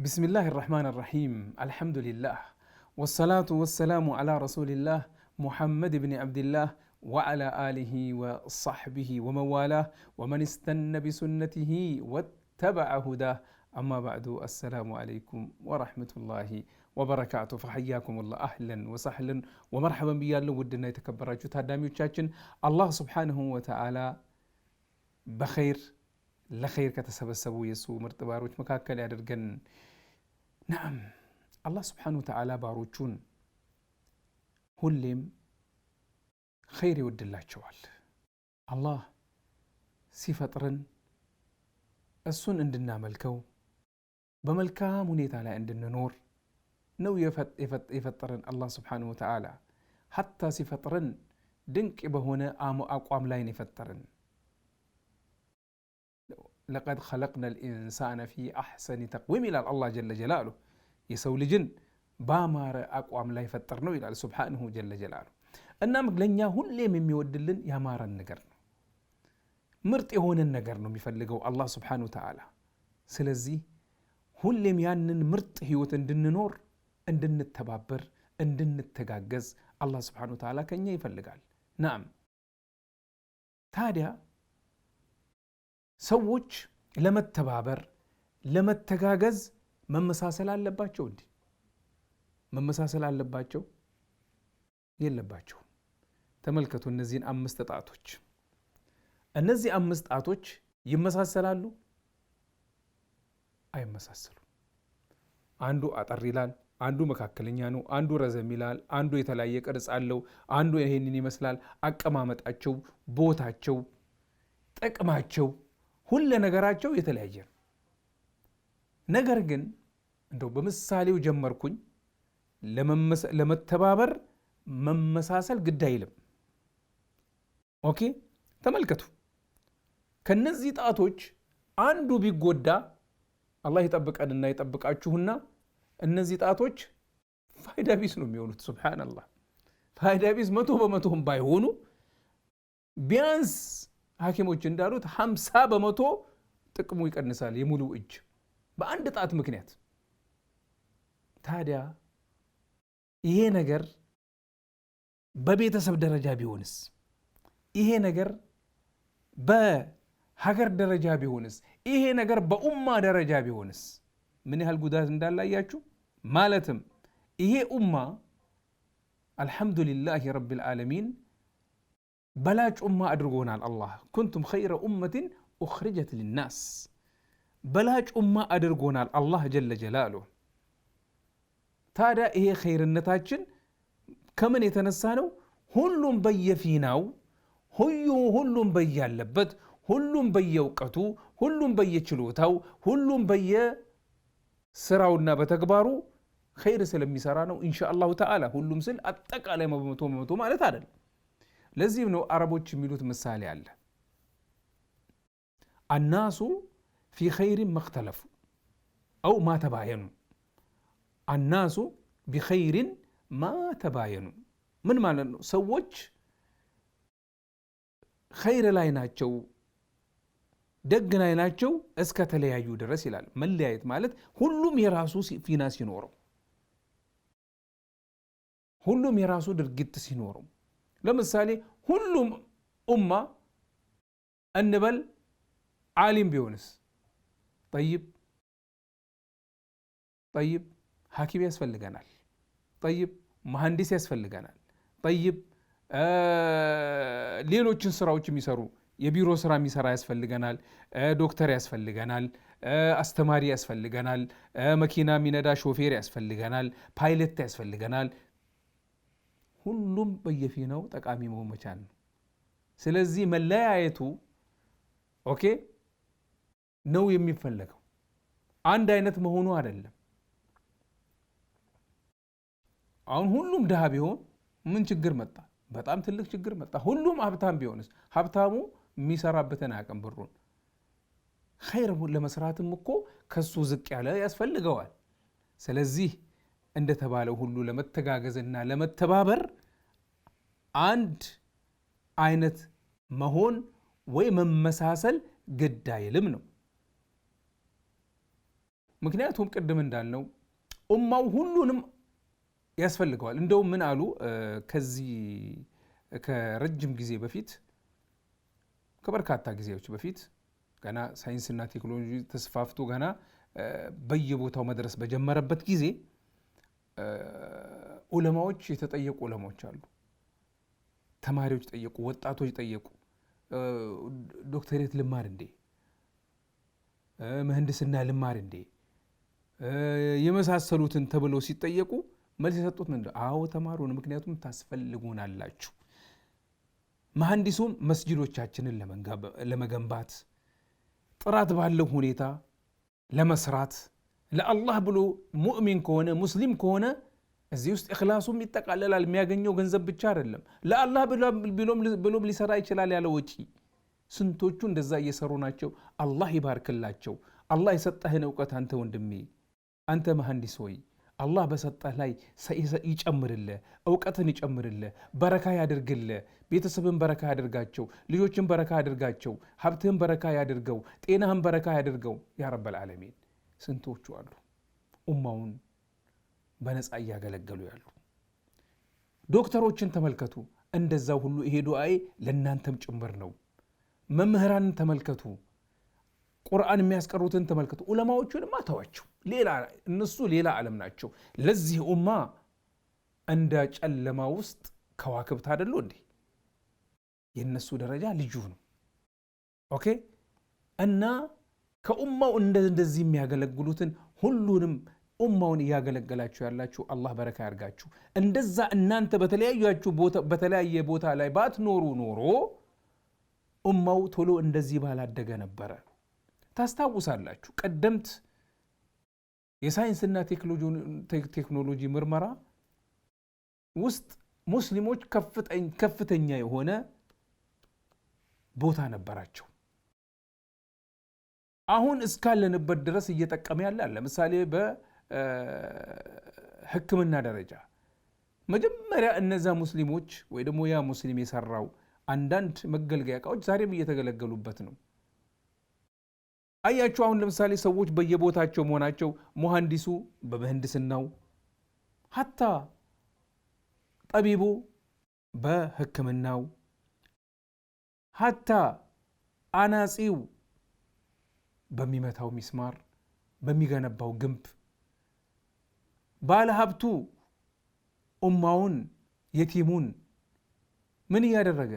بسم الله الرحمن الرحيم الحمد لله والصلاة والسلام على رسول الله محمد بن عبد الله وعلى آله وصحبه ومن والاه ومن استنى بسنته واتبع هداه أما بعد السلام عليكم ورحمة الله وبركاته فحياكم الله أهلا وسهلا ومرحبا بيا ودنا يتكبراችሁ الله سبحانه وتعالى بخير لخير ለኸይር ከተሰበሰቡ የእሱ ምርጥ ባሮች መካከል ናም አላህ ስብሓን ወተዓላ ባሮቹን ሁሌም ኸይር ይወድላቸዋል። አላህ ሲፈጥርን እሱን እንድናመልከው በመልካም ሁኔታ ላይ እንድንኖር ነው የፈጠረን አላህ ስብሓን ወተዓላ። ሐታ ሲፈጥርን ድንቅ በሆነ አቋም ላይ ነው የፈጠረን። ለቀድ ኸለቅና ልኢንሳነ ፊ አሕሰኒ ተቅዊም ይላል አላህ ጀለ ጀላሉ የሰው ልጅን በአማረ አቋም ላይ ፈጠር ነው ይላል ሱብሓነሁ ጀለ ጀላሉ። እናም ለእኛ ሁሌም የሚወድልን ያማረን ነገር ነው፣ ምርጥ የሆነን ነገር ነው የሚፈልገው አላህ ሱብሓነሁ ተዓላ። ስለዚህ ሁሌም ያንን ምርጥ ህይወት እንድንኖር እንድንተባበር፣ እንድንተጋገዝ አላህ ሱብሓነሁ ተዓላ ከኛ ይፈልጋል። ናም ታዲያ ሰዎች ለመተባበር ለመተጋገዝ መመሳሰል አለባቸው እንዲ መመሳሰል አለባቸው የለባቸው ተመልከቱ እነዚህን አምስት ጣቶች። እነዚህ አምስት ጣቶች ይመሳሰላሉ? አይመሳሰሉም። አንዱ አጠር ይላል፣ አንዱ መካከለኛ ነው፣ አንዱ ረዘም ይላል፣ አንዱ የተለያየ ቅርጽ አለው፣ አንዱ ይሄንን ይመስላል። አቀማመጣቸው፣ ቦታቸው፣ ጥቅማቸው፣ ሁለ ነገራቸው የተለያየ ነው። ነገር ግን እንደው በምሳሌው ጀመርኩኝ። ለመተባበር መመሳሰል ግድ አይልም። ኦኬ ተመልከቱ። ከነዚህ ጣቶች አንዱ ቢጎዳ አላህ ይጠብቀንና ይጠብቃችሁና እነዚህ ጣቶች ፋይዳ ቢስ ነው የሚሆኑት። ሱብሓነላህ ፋይዳ ቢስ መቶ በመቶም ባይሆኑ ቢያንስ ሐኪሞች እንዳሉት ሀምሳ በመቶ ጥቅሙ ይቀንሳል። የሙሉ እጅ በአንድ ጣት ምክንያት ታዲያ ይሄ ነገር በቤተሰብ ደረጃ ቢሆንስ? ይሄ ነገር በሀገር ደረጃ ቢሆንስ? ይሄ ነገር በኡማ ደረጃ ቢሆንስ? ምን ያህል ጉዳት እንዳላያችሁ ማለትም ይሄ ኡማ አልሐምዱሊላህ ረቢል ዓለሚን በላጭ ኡማ አድርጎናል። አላህ ኩንቱም ኸይረ ኡመትን ኡኽሪጀት ሊናስ በላጭ ኡማ አድርጎናል አላህ ጀለ ጀላሉ ታዲያ ይሄ ኸይርነታችን ከምን የተነሳ ነው? ሁሉም በየፊናው ሁዩ ሁሉም በያለበት ሁሉም በየእውቀቱ ሁሉም በየችሎታው ሁሉም በየስራውና በተግባሩ ኸይር ስለሚሰራ ነው። ኢንሻ አላሁ ተዓላ ሁሉም ስል አጠቃላይ በመቶ በመቶ ማለት አይደለም። ለዚህም ነው አረቦች የሚሉት ምሳሌ አለ አናሱ ፊ ኸይሪን መክተለፉ አው ማተባየኑ አናሱ ቢኸይሪን ማ ተባየኑ ምን ማለት ነው? ሰዎች ኸይር ላይ ናቸው፣ ደግ ላይ ናቸው እስከ ተለያዩ ድረስ ይላል። መለያየት ማለት ሁሉም የራሱ ፊና ሲኖረው፣ ሁሉም የራሱ ድርጊት ሲኖረው፣ ለምሳሌ ሁሉም ኡማ እንበል ዓሊም ቢሆንስ? ጠይብ ጠይብ ሐኪም ያስፈልገናል። ጠይብ መሐንዲስ ያስፈልገናል። ጠይብ ሌሎችን ስራዎች የሚሰሩ የቢሮ ስራ የሚሰራ ያስፈልገናል። ዶክተር ያስፈልገናል። አስተማሪ ያስፈልገናል። መኪና የሚነዳ ሾፌር ያስፈልገናል። ፓይለት ያስፈልገናል። ሁሉም በየፊናው ጠቃሚ መሆን መቻል ነው። ስለዚህ መለያየቱ ኦኬ ነው የሚፈለገው፣ አንድ አይነት መሆኑ አይደለም። አሁን ሁሉም ድሃ ቢሆን ምን ችግር መጣ? በጣም ትልቅ ችግር መጣ። ሁሉም ሀብታም ቢሆንስ? ሀብታሙ የሚሰራበትን አቅም ብሩን ኸይር ለመስራትም እኮ ከሱ ዝቅ ያለ ያስፈልገዋል። ስለዚህ እንደተባለው ሁሉ ለመተጋገዝና ለመተባበር አንድ አይነት መሆን ወይ መመሳሰል ግድ አይልም ነው። ምክንያቱም ቅድም እንዳልነው ኡማው ሁሉንም ያስፈልገዋል። እንደውም ምን አሉ ከዚህ ከረጅም ጊዜ በፊት ከበርካታ ጊዜዎች በፊት ገና ሳይንስና ቴክኖሎጂ ተስፋፍቶ ገና በየቦታው መድረስ በጀመረበት ጊዜ ዑለማዎች የተጠየቁ ዑለማዎች አሉ። ተማሪዎች ጠየቁ፣ ወጣቶች ጠየቁ። ዶክተሬት ልማር እንዴ? ምህንድስና ልማር እንዴ? የመሳሰሉትን ተብለው ሲጠየቁ መልስ የሰጡት ምንድ አዎ ተማሩን፣ ምክንያቱም ታስፈልጉናላችሁ። መሐንዲሱም መስጅዶቻችንን ለመገንባት ጥራት ባለው ሁኔታ ለመስራት ለአላህ ብሎ ሙእሚን ከሆነ ሙስሊም ከሆነ እዚህ ውስጥ እክላሱም ይጠቃለላል። የሚያገኘው ገንዘብ ብቻ አይደለም፣ ለአላህ ብሎም ሊሰራ ይችላል ያለ ወጪ። ስንቶቹ እንደዛ እየሰሩ ናቸው። አላህ ይባርክላቸው። አላህ የሰጠህን እውቀት አንተ ወንድሜ፣ አንተ መሐንዲስ ሆይ አላህ በሰጠህ ላይ ይጨምርልህ፣ እውቀትን ይጨምርልህ፣ በረካ ያድርግልህ። ቤተሰብን በረካ ያደርጋቸው፣ ልጆችን በረካ ያድርጋቸው፣ ሀብትህን በረካ ያድርገው፣ ጤናህን በረካ ያድርገው ያ ረበል ዓለሚን። ስንቶቹ አሉ ኡማውን በነፃ እያገለገሉ ያሉ። ዶክተሮችን ተመልከቱ፣ እንደዛ ሁሉ ይሄ ዱዓዬ ለእናንተም ጭምር ነው። መምህራንን ተመልከቱ ቁርአን የሚያስቀሩትን ተመልክቱ። ዑለማዎቹንማ ተዋቸው፣ እነሱ ሌላ ዓለም ናቸው። ለዚህ ኡማ እንደ ጨለማ ውስጥ ከዋክብት አደሉ እንዴ? የእነሱ ደረጃ ልዩ ነው። ኦኬ እና ከኡማው እንደዚህ የሚያገለግሉትን ሁሉንም ኡማውን እያገለገላችሁ ያላችሁ አላህ በረካ ያርጋችሁ። እንደዛ እናንተ በተለያያችሁ በተለያየ ቦታ ላይ ባትኖሩ ኖሮ ኡማው ቶሎ እንደዚህ ባላደገ ነበረ። ታስታውሳላችሁ ቀደምት የሳይንስና ቴክኖሎጂ ምርመራ ውስጥ ሙስሊሞች ከፍተኛ የሆነ ቦታ ነበራቸው። አሁን እስካለንበት ድረስ እየጠቀመ ያለ ለምሳሌ በሕክምና ደረጃ መጀመሪያ እነዛ ሙስሊሞች ወይ ደግሞ ያ ሙስሊም የሰራው አንዳንድ መገልገያ እቃዎች ዛሬም እየተገለገሉበት ነው። አያችሁ አሁን ለምሳሌ ሰዎች በየቦታቸው መሆናቸው መሐንዲሱ በምህንድስናው ሀታ ጠቢቡ በሕክምናው ሀታ አናጺው በሚመታው ሚስማር በሚገነባው ግንብ ባለሀብቱ ኡማውን የቲሙን ምን እያደረገ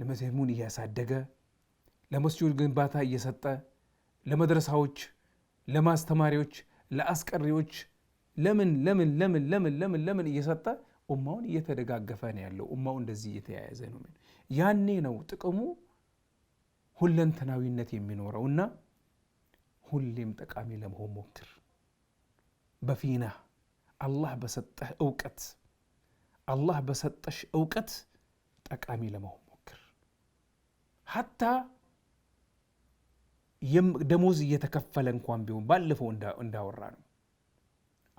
ለመዝሙን እያሳደገ ለመስጂድ ግንባታ እየሰጠ ለመድረሳዎች፣ ለማስተማሪዎች፣ ለአስቀሪዎች ለምን ለምን ለምን ለምን ለምን ለምን እየሰጠ ኡማውን እየተደጋገፈ ነው ያለው። ኡማው እንደዚህ እየተያያዘ ነው። ያኔ ነው ጥቅሙ ሁለንተናዊነት የሚኖረው እና ሁሌም ጠቃሚ ለመሆን ሞክር። በፊና አላህ በሰጠህ እውቀት አላህ በሰጠሽ እውቀት ጠቃሚ ለመሆን ሞክር ሀታ ደሞዝ እየተከፈለ እንኳን ቢሆን ባለፈው እንዳወራ ነው።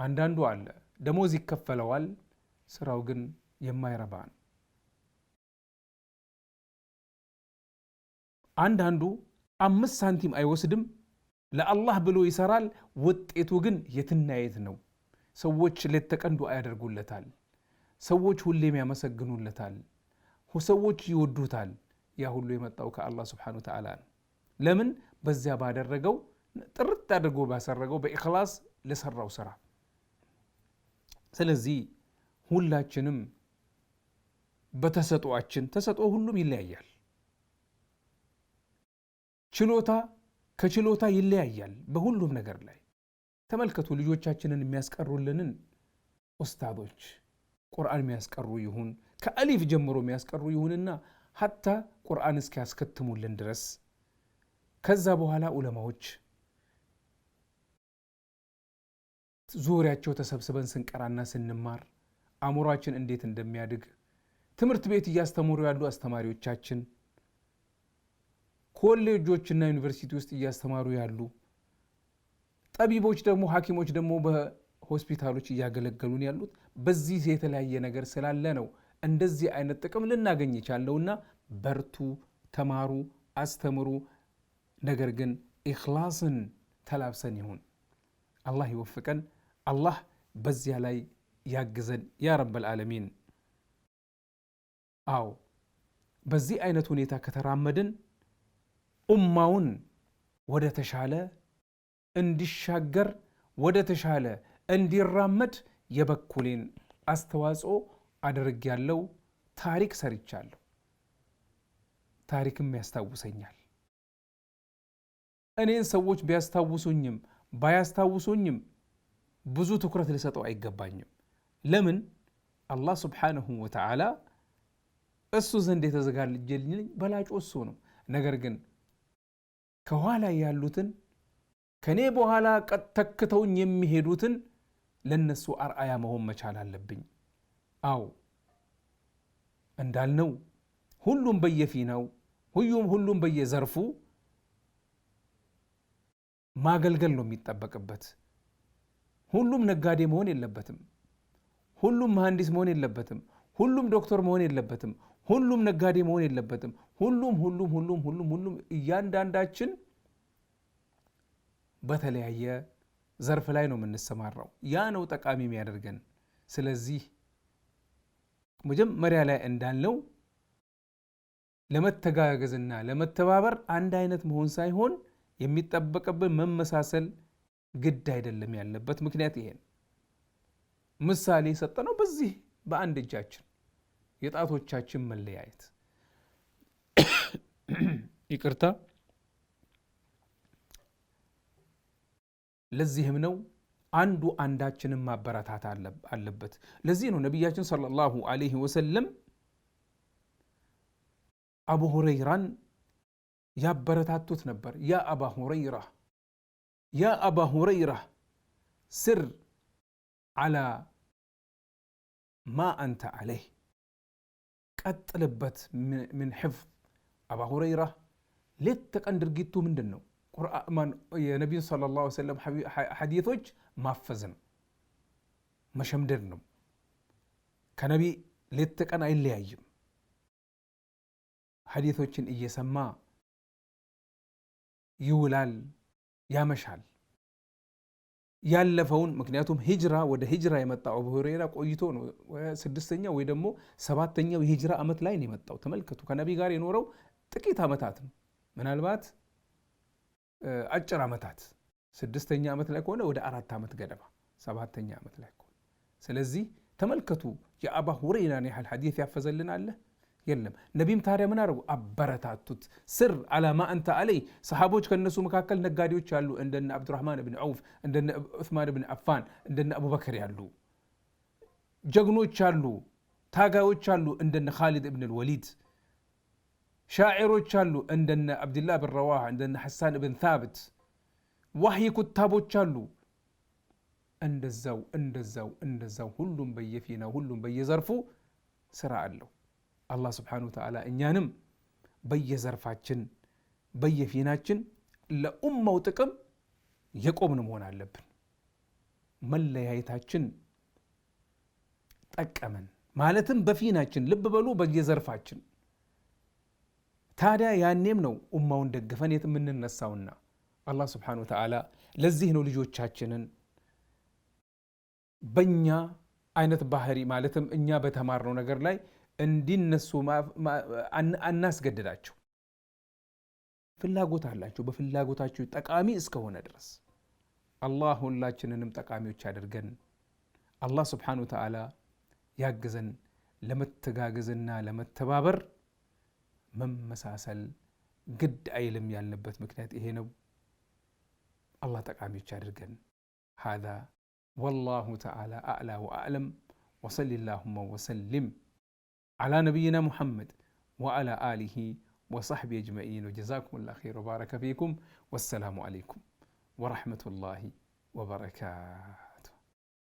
አንዳንዱ አለ ደሞዝ ይከፈለዋል፣ ስራው ግን የማይረባ ነው። አንዳንዱ አምስት ሳንቲም አይወስድም፣ ለአላህ ብሎ ይሰራል፣ ውጤቱ ግን የትናየት ነው። ሰዎች ሌት ተቀን ዱዓ ያደርጉለታል። ሰዎች ሁሌም ያመሰግኑለታል። ሰዎች ይወዱታል። ያ ሁሉ የመጣው ከአላህ ስብሓነሁ ወተዓላ ነው። ለምን? በዚያ ባደረገው ጥርት አድርጎ ባሰረገው በኢኽላስ ለሰራው ስራ። ስለዚህ ሁላችንም በተሰጧችን ተሰጦ ሁሉም ይለያያል። ችሎታ ከችሎታ ይለያያል። በሁሉም ነገር ላይ ተመልከቱ። ልጆቻችንን የሚያስቀሩልንን ኡስታዞች ቁርአን የሚያስቀሩ ይሁን ከአሊፍ ጀምሮ የሚያስቀሩ ይሁንና ሀታ ቁርአን እስኪያስከትሙልን ድረስ ከዛ በኋላ ዑለማዎች ዙሪያቸው ተሰብስበን ስንቀራና ስንማር አእምሯችን እንዴት እንደሚያድግ ትምህርት ቤት እያስተምሩ ያሉ አስተማሪዎቻችን፣ ኮሌጆችና ዩኒቨርሲቲ ውስጥ እያስተማሩ ያሉ ጠቢቦች ደግሞ ሐኪሞች ደግሞ በሆስፒታሎች እያገለገሉን ያሉት በዚህ የተለያየ ነገር ስላለ ነው እንደዚህ አይነት ጥቅም ልናገኝ በርቱ፣ ተማሩ፣ አስተምሩ ነገር ግን ኢኽላስን ተላብሰን ይሁን። አላህ ይወፍቀን። አላህ በዚያ ላይ ያግዘን ያ ረበል ዓለሚን። አዎ በዚህ አይነት ሁኔታ ከተራመድን ኡማውን ወደ ተሻለ እንዲሻገር ወደ ተሻለ እንዲራመድ የበኩሌን አስተዋጽኦ አድርጌያለሁ። ታሪክ ሰርቻለሁ። ታሪክም ያስታውሰኛል። እኔን ሰዎች ቢያስታውሱኝም ባያስታውሱኝም ብዙ ትኩረት ልሰጠው አይገባኝም። ለምን አላህ ስብሓነሁ ወተዓላ እሱ ዘንድ የተዘጋጀልኝ በላጩ እሱ ነው። ነገር ግን ከኋላ ያሉትን ከእኔ በኋላ ተክተውኝ የሚሄዱትን ለነሱ አርአያ መሆን መቻል አለብኝ። አው እንዳልነው ሁሉም በየፊናው ሁዩም ሁሉም በየዘርፉ ማገልገል ነው የሚጠበቅበት። ሁሉም ነጋዴ መሆን የለበትም። ሁሉም መሐንዲስ መሆን የለበትም። ሁሉም ዶክተር መሆን የለበትም። ሁሉም ነጋዴ መሆን የለበትም። ሁሉም ሁሉም ሁሉም ሁሉም ሁሉም እያንዳንዳችን በተለያየ ዘርፍ ላይ ነው የምንሰማራው። ያ ነው ጠቃሚ የሚያደርገን። ስለዚህ መጀመሪያ ላይ እንዳልነው ለመተጋገዝና ለመተባበር አንድ አይነት መሆን ሳይሆን የሚጠበቅብን መመሳሰል ግድ አይደለም ያለበት ምክንያት ይሄ ነው። ምሳሌ ነው። በዚህ በአንድ እጃችን የጣቶቻችን መለያየት ይቅርታ። ለዚህም ነው አንዱ አንዳችንም ማበረታት አለበት። ለዚህ ነው ነቢያችን ሰለላሁ አለይህ ወሰለም አቡ ሁረይራን ያበረታቱት ነበር። ያ አባ ሁረይራ ያ አባ ሁረይራ ስር አላ ማ አንተ አለይህ ቀጥልበት፣ ምን ሕፍ አባ ሁረይራ ሌት ተቀን ድርጊቱ ምንድን ነው? የነቢዩን ሰለላሁ ዐለይሂ ወሰለም ሐዲቶች ማፈዝ ነው፣ መሸምደድ ነው። ከነቢ ሌት ተቀን አይለያይም። ሐዲቶችን እየሰማ ይውላል፣ ያመሻል። ያለፈውን ምክንያቱም ሂጅራ ወደ ሂጅራ የመጣው አቡ ሁረይራ ቆይቶ ነው። ስድስተኛው ወይ ደግሞ ሰባተኛው የሂጅራ ዓመት ላይ ነው የመጣው። ተመልከቱ፣ ከነቢ ጋር የኖረው ጥቂት ዓመታት ነው፣ ምናልባት አጭር ዓመታት። ስድስተኛ ዓመት ላይ ከሆነ ወደ አራት ዓመት ገደማ፣ ሰባተኛ ዓመት ላይ ከሆነ ስለዚህ ተመልከቱ፣ የአባ ሁረይራን ያህል ሐዲት ያፈዘልን አለ የለም። ነቢም ታዲያ ምን አደረጉ? አበረታቱት። ስር አላማ አንተ አለይ ሰሓቦች ከእነሱ መካከል ነጋዴዎች አሉ እንደነ አብዱራህማን ብን ዐውፍ፣ እንደነ ዑስማን ብን አፋን፣ እንደነ አቡበከር ያሉ ጀግኖች አሉ። ታጋዮች አሉ እንደነ ኻሊድ ብን ልወሊድ፣ ሻዕሮች አሉ እንደነ አብድላ ብን ረዋሓ፣ እንደነ ሐሳን ብን ታብት፣ ዋህይ ኩታቦች አሉ። እንደዛው እንደዛው እንደዛው ሁሉም በየፊናው ሁሉም በየዘርፉ ስራ አለው። አላህ ስብሓነሁ ወተዓላ እኛንም በየዘርፋችን በየፊናችን ለኡማው ጥቅም የቆምን መሆን አለብን። መለያየታችን ጠቀመን ማለትም በፊናችን ልብ በሉ፣ በየዘርፋችን ታዲያ ያኔም ነው ኡማውን ደግፈን የት የምንነሳውና አላህ ስብሓነሁ ወተዓላ ለዚህ ነው ልጆቻችንን በእኛ አይነት ባህሪ ማለትም እኛ በተማርነው ነገር ላይ እንዲነሱ አናስገድዳቸው። ፍላጎት አላቸው። በፍላጎታቸው ጠቃሚ እስከሆነ ድረስ አላህ ሁላችንንም ጠቃሚዎች አድርገን አላህ ስብሓነሁ ወተዓላ ያግዘን። ለመተጋገዝና ለመተባበር መመሳሰል ግድ አይልም ያልንበት ምክንያት ይሄ ነው። አላህ ጠቃሚዎች አድርገን። ሀ ወላሁ ተዓላ አዕላ ወአዕለም። ወሰሊ ላሁማ ወሰሊም على نبينا محمد وعلى آله وصحبه أجمعين وجزاكم الله خير وبارك فيكم والسلام عليكم ورحمة الله وبركاته